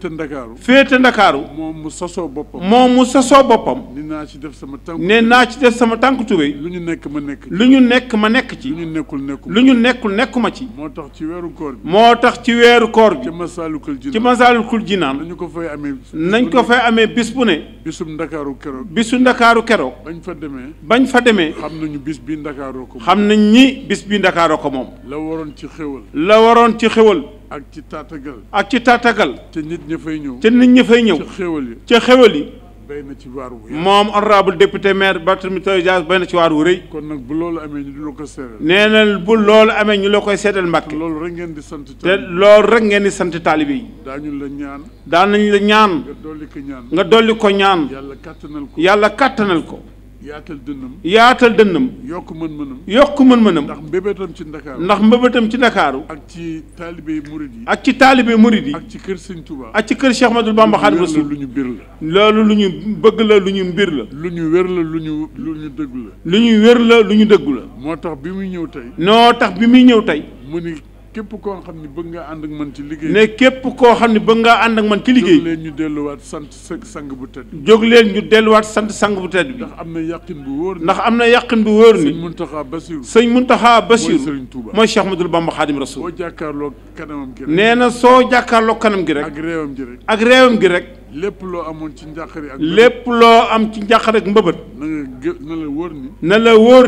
féete ndakaaru féete ndakaaru moom mu sosoo boppam moom mu sosoo boppam ne naa ci def sama tànk ne naa ci sama tànk tubéy lu ñu nekk ma nekk lu ñu nekk ma nekk ci lu ñu nekkul lu ñu nekkul nekkuma ci moo tax ci weeru koor bi moo tax ci weeru koor bi ci masaalikul jinaan ci masaalikul jinaan nañ ko fay amee nañ ko fay amee bis bu ne bisu ndakaaru keroog bisu ndakaaru keroog bañ fa demee bañ fa demee xam nañu bis bi ndakaaroo xam nañ ñi bis bi ndakaaroo ko moom la waroon ci xéwal la waroon ci xéwal ak ci taatagal. ak ci taatagal. te nit ña fay ñëw. te nit ña fay ñëw. ca xéwal yi ca xéwal yi. bay na ci waar wu moom honorable député maire Barthélémy Dias bay na ci waar wu rëy. kon nag bu loolu amee ñu la nee na bu loolu amee ñu la koy seetal Mbàkke. loolu rek ngeen di sant. te loolu rek ngeen di sant taalibe yi. daañu la ñaan. daan nañ ñaan. nga dolli ko ñaan. nga dolli ko ñaan. yàlla kattanal ko yàlla kattanal ko. yaatal dënnam yaatal dënnam yokk mën-mënam yokk mën-mënam ndax mbébétam ci ndakaaru ndax mbébétam ci ndakaaru ak ci taalibe murid yi ak ci taalibe murid yi ci kër sëñ Touba ak ci kër Cheikh Ahmadou Rasul lu ñu bir la loolu lu ñu bëgg la lu ñu mbir la lu ñu wér la lu ñu lu ñu dëgg la lu ñu wér la lu ñu dëggu la moo tax bi muy ñëw tey noo tax bi muy ñëw tey képp koo xam ne bëgg nga ànd ak man ci liggéey. ne képp koo xam ne bëgg nga ànd ak man ci liggéey. jóg leen ñu delluwaat sant sang bu tedd. jóg leen ñu delluwaat sant sang bu bi. ndax am na yàqin bu wóor ni. ndax na yàqin bu wóor ni. sëñ Muntaxa Basiru. sëñ Muntaxa Basiru mooy Serigne Touba. mooy Cheikh Ahmadoul Bamba Xaadim Rasul. soo jàkkaarloo kanamam gi rek. nee na soo jàkkaarloo kanam gi rek. ak réewam gi rek. ak réewam gi rek. lépp loo amoon ci njàqare ak. lépp loo am ci njàqare ak mbëbët. na nga na la wóor ni. na la wóor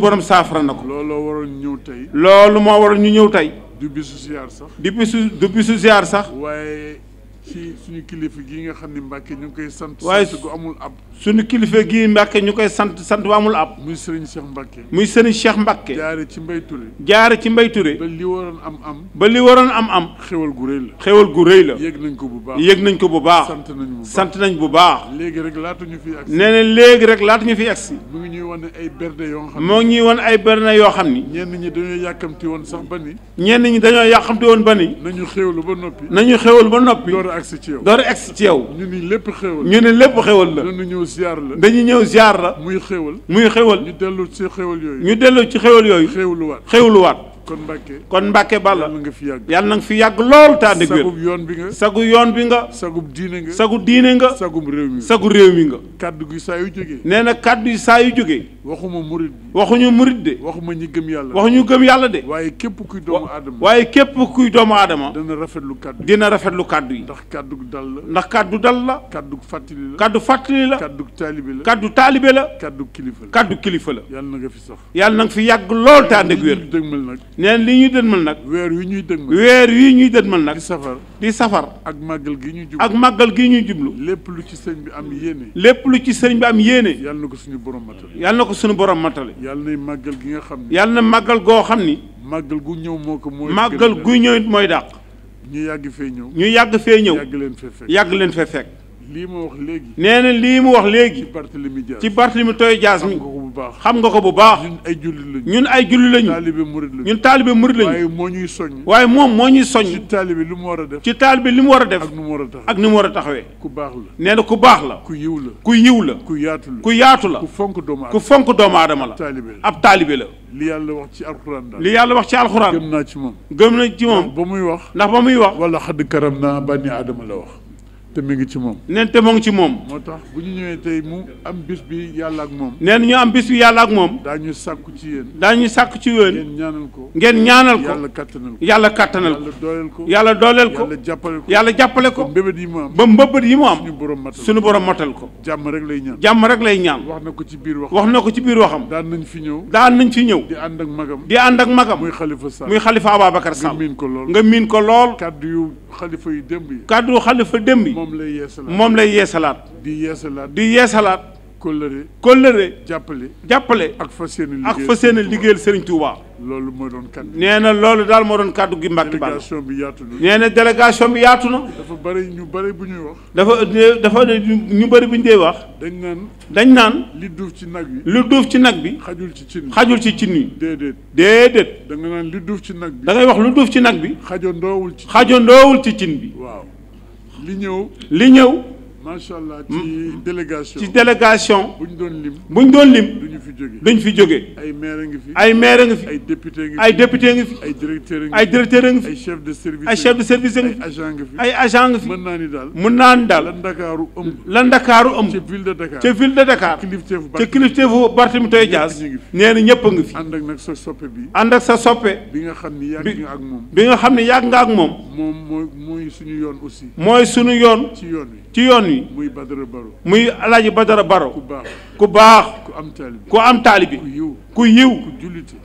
borom saafara na ko. looloo waroon ñëw tey. loolu moo waroon ñu ñëw tey. du bisu ziar sax. du bisu du bisu ziar sax. waaye. si suñu kilifa gii nga xam ne Mbacke ñu ngi koy sant. waaye sant gu amul suñu kilifa gii Mbacke ñu koy sant sant bu amul ab. muy Serigne Cheikh Mbacke. muy Serigne Cheikh Mbacke. ci Mbaye Touré. jaare ci Mbaye Touré. li waroon am am. ba li waroon am am. xéwal gu rëy la. gu rëy la. yëg nañ ko bu baax yëg nañ ko bu baax. sant nañ sant nañ bu baax. léegi rek laata ñu fi agsi. nee na léegi rek laata ñu fi agsi. mu ngi ñuy wan ay berne yoo xam ne. moo ngi ñuy wan ay berne yoo xam ni. ñenn ñi dañoo yàkkamti woon sax ba ni. ñenn ñi dañoo yàkkamti woon ba ni. nañu xéwlu ba noppi. nañu xéwlu ba noppi door a agsi ci yow. door a agsi ci yow. ñu ni lépp xéwal ñu ni lépp xéwal la. dañu ñëw ziar la. ñëw ziar muy xéwal. muy xéwal. ñu dellu ci xéwal yooyu. ñu dellu ci xéwal yooyu. xéwluwaat xéwluwaat. kon Mbacke kon Mbacke Balla yàlla nga fi yàgg yàlla nga fi yàgg lool te ànd yoon bi nga sagu yoon bi nga sagub diine nga sagu diine nga sagub réew mi sagu réew mi nga kàddu gi saa yu jógee nee saa yu jógee waxuma murid bi waxuñu murid de waxuma ñi gëm yàlla waxuñu gëm yàlla de waaye képp kuy doomu aadama waaye képp kuy doomu aadama dina rafetlu kàddu dina rafetlu kàddu yi ndax kàddu dal la ndax kàddu dal la kàddu fàttali la kàddu fàttali la kàddu taalibe la kàddu taalibe la kàddu kilifa la kilifa la yàlla na nga fi sax yàlla na nga fi yàgg lool te ànd ak wér neen li ñuy dënmal nag weer wi ñuy dënmal weer wi ñuy dënmal nag di di safar ak màggal gi ñu jublu ak màggal gi ñu jublu lépp lu ci sëñ bi am yéene lépp lu ci sëñ bi am yéene yàlla na ko suñu borom matale yàlla na ko suñu borom matale yàlla na màggal gi xam ni na màggal goo xam ni màggal gu ñëw moo ko mooy màggal gu ñëw mooy dàq ñu yàgg fee ñëw ñu yàgg fee ñëw yàgg leen fee yàgg leen fee fekk lii ma léegi. nee na lii mu wax léegi. ci Barthélemy Dias jaas Barthélemy Toye Dias mi. xam nga ko bu baax. ñun ay julli lañu. ñun ay julli lañu. taalibe murid lañu. ñun taalibe murid lañu. waaye moo ñuy soññ. waaye moom moo ñuy soññ. ci taalibe li mu war a def. ci taalibe li mu war a def. ak nu mu war a taxawee ak nu mu war a taxawee. ku baax la nee na ku baax la. ku yiw la ku yiw la. ku yaatu la ku yaatu fonk doomu aadama fonk doomu aadama la. taalibe la ab taalibe la. li yàlla wax ci alxuraan daal yàlla wax ci alxuraan. gëm naa ci moom gëm na ci ba muy wax ndax ba muy wax. wala xadd karam naa bani aadama la wax te mu ngi ci moom. neen te mu ngi ci moom. moo tax bu ñu ñëwee tey mu am bis bi yàlla ak moom. neen ñu am bis bi yàlla ak moom. daañu sàkku ci yéen. daañu sàkku ci yéen. ngeen ñaanal ko. ngeen ñaanal ko yàlla kattanal ko. yàlla kattanal ko yàlla dooleel ko. yàlla dooleel ko jàppale ko. yàlla jàppale ko ba mbëbët yi mu am. ba mbëbët yi mu am suñu borom matal ko suñu borom ko. jàmm rek lay ñaan. jàmm rek lay ñaan. wax na ko ci biir wax. wax na ko ci biir waxam. daan nañ fi ñëw. daan nañ fi ñëw. di ànd ak magam. di ànd ak magam. muy xalifa Sall muy xalifa Ababacar Sall. nga miin ko lool. kàddu yu xalifa yi démb yi. moom lay yeesalaat moom lay yeesalaat. di yeesalaat di yeesalaat. kóllëre kóllëre. jàppale jàppale. ak fa seen liggéeyal ak fa seen liggéeyal Serigne Touba. loolu moo doon kaddu nee na daal moo doon kaddu gi Mbacke Balla délégation bi yaatu na. nee bi yaatu na. dafa bëri ñu bëri bu ñuy wax. dafa dafa ñu bëri bu ñu dee wax. dañ naan dañ naan. li duuf ci nag bi li ci nag bi. xajul ci cin xajul ci cin yi. déedéet déedéet. da nga naan li duuf ci nag bi. da wax lu duuf ci nag bi. xajandoowul ci xajandoowul ci cin bi li ñëw li ñëw. macha allah ci délégation ci délégation. buñ doon lim buñ doon lim. fi jóge dañ fi jóge ay maire nga fi ay maire nga fi ay directeur nga fi ay chef de service ay chef de service nga fi ay agent nga fi ay agent naa daal mën naa ni la Ndakaaru ëmb la Ndakaaru ëmb ca ville de Dakar ca ville de Dakar ca kilifteefu Barthélémy Toye ñëpp nga fi ànd ak nag sa soppe bi ànd ak sa soppe bi nga xam ni yàgg nga ak moom bi nga xam ne yàgg nga ak moom moom mooy mooy suñu yoon aussi mooy suñu yoon ci yoon wi ci yoon wi muy Badara Baro muy Alaaji Badara Baro ku baax ku baax am taalibe ku am taalibe ku yiw ku yiw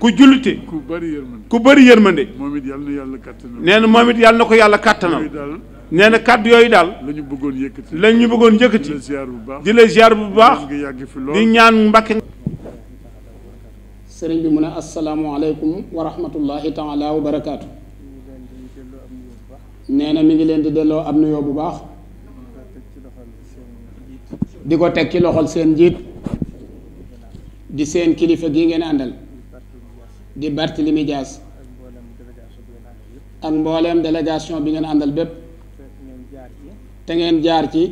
ku jullite ku bari yërmande ku bëri yërmande moom it yàlla na nee na moom na ko yàlla kattanal nee na kàddu yooyu daal la ñu bëggoon yëkkati la ñu bëggoon yëkkati di la ziar bu baax di ñaan mbàkke sëriñ bi mu ne asalaamualeykum wa rahmatullahi taala wa barakaatu nee na mi ngi leen di delloo ab nuyoo bu baax di ko teg ci loxol seen njiit di seen kilifa gi ngeen àndal di Barthélemy Dias ak mbooleem délégation bi ngeen àndal bépp te ngeen jaar ci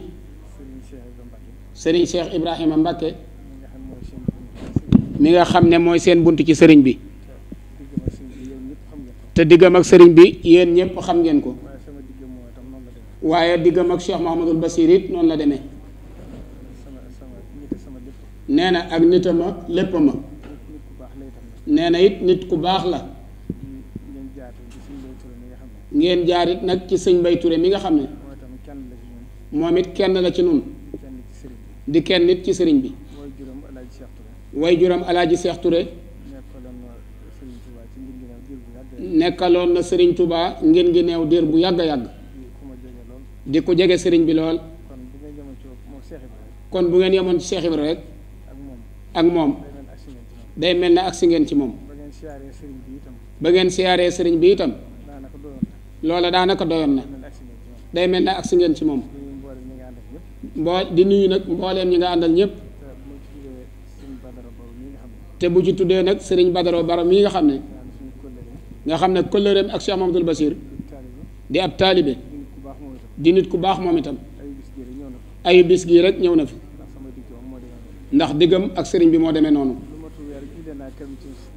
sëriñ Cheikh Ibrahima Mbakke mi nga xam ne mooy seen bunt ci sëriñ bi te diggam ak sëriñ bi yéen ñëpp xam ngeen ko waaye diggam ak Cheikh Mouhamadul Basir it noonu la demee. nee na ak nitama lépp ma nee it nit ku baax la ngeen jaar it nag ci sëñ Bay ture mi nga xam ne moom it kenn la ci nun di kenn it ci sëriñ bi way juróom alaaji Seex Touré nekkaloon na sëriñ Touba ngeen ngi neew diir bu yàgg a yàgg di ko jege sëriñ bi lool kon bu ngeen yemoon ci Seex Ibra rek ak moom day mel ne agsi ngeen ci moom ba ngeen siyaaree sëriñ bi itam loola daanaka doyoon na day mel ne agsi ngeen ci moom mboo di nuyu nag mbooleem ñi nga àndal ñëpp te bu ci tuddee nag sëriñ Badaro Baro mii nga xam ne nga xam ne kóllëreem ak Cheikh Mamadou Bachir di ab taalibe di nit ku baax moom itam ayu gii rek ñëw na fi ndax diggam ak sëriñ bi moo demee noonu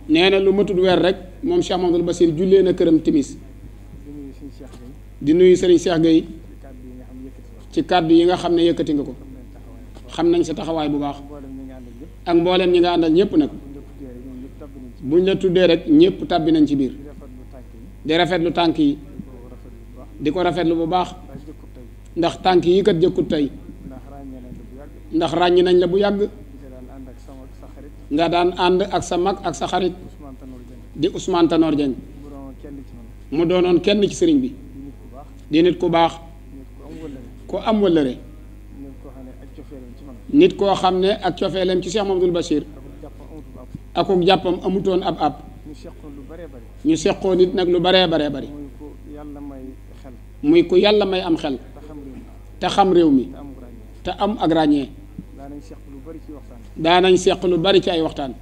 nee na lu matul weer rek moom Cheikh Mamadou Bassir jullee na këram timis di nuyu sëriñ Cheikh Gueye ci kàddu yi nga xam ne yëkkati nga ko xam nañ sa taxawaay bu baax ak mbooleem ñi nga àndal ñëpp nag buñ la tuddee rek ñëpp tàbbi nañ ci biir di lu tànk yi di ko rafet lu bu baax ndax tànk yi kat jëkkut tey ndax ràññ nañ la bu yàgg nga daan ànd ak sa mag ak sa xarit di Ousmane Tanor Dieng mu doonoon kenn ci sëriñ bi di nit ku baax ku am wëllëre nit koo xam ne ak cofeelem ci Cheikh Mamadou Bachir akuk jàppam amutoon ab ab ñu seqoo nit nag lu baree baree bari muy ko yàlla may am xel te xam réew mi te am ak ràññee daanañ seq lu bari ci ay waxtaan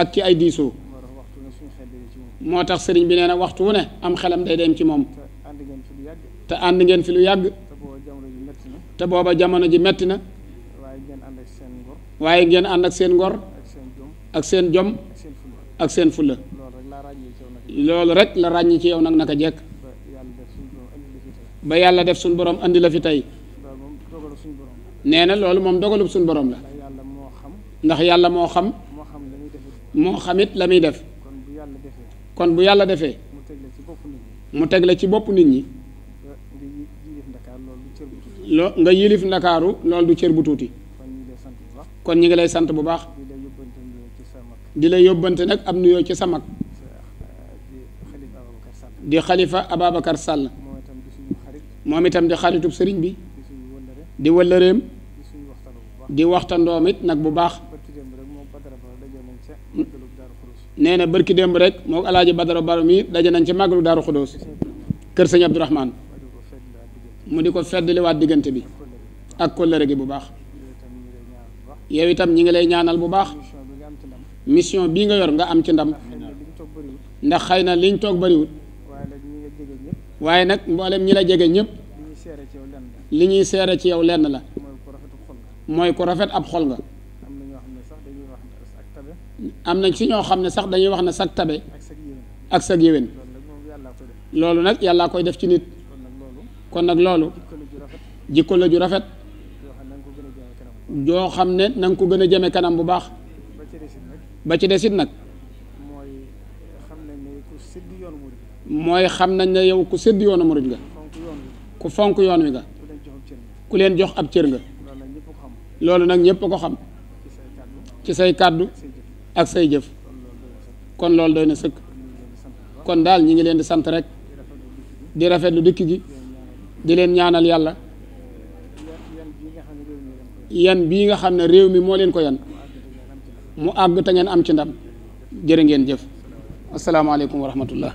ak ci ay diisoo moo tax sëriñ bi nee na waxtu wu ne am xelam day dem ci moom te ànd ngeen fi lu yàgg te booba jamono ji metti na waaye ngeen ànd ak seen ngor ak seen jom ak seen fulla loolu rek la ràññi ci yow nag naka jekk ba yàlla def suñu borom indi la fi tey nee na loolu moom dogalub suñu borom la ndax yàlla moo xam moo xamit la muy def kon bu yàlla defee mu teg la ci bopp nit ñi loo nga yilif ndakaaru loolu du cër bu tuuti kon ñi ngi lay sant bu baax di la yóbbante nag ab nuyoo ci sa mag ah, di xalifa Ababacar sàll moom itam di xaritub sëriñ bi di wëllëreem di waxtandoom it nag bu baax nee na ki démb rek moo alaaji badara baro mi daje nañ ci màggalu daaru xudóos kër sëñ abdourahman mu di ko feddliwaat diggante bi ak kóllëre gi bu baax yow itam ñi ngi lay ñaanal bu baax mission bii nga yor nga am ci ndam ndax xay na liñ toog bariwul waaye nag mboolem ñi la jege ñëpp li ñuy seere ci yow lenn la mooy ku rafet ab xol nga am na ci ñoo xam ne sax dañuy wax ne sag tabe ak sag yéwén loolu nag yàllaa koy def ci nit kon nag loolu jikko la ju rafet joo xam ne na ko gën a jëme kanam bu baax ba ci desit nag mooy xam nañ ne yow ku sédd yoonu murid nga ku fonk yoon wi nga ku leen jox ab cër nga loolu nag ñëpp ko xam ci say kàddu ak say jëf kon loolu doy na sëkk kon daal ñi ngi leen di sant rek di rafetlu dikk gi di leen ñaanal yàlla yan bii nga xam ne réew mi moo leen ko yan mu àgg te ngeen am ci ndam jërë ngeen jëf asalaamaaleykum wa rahmatullah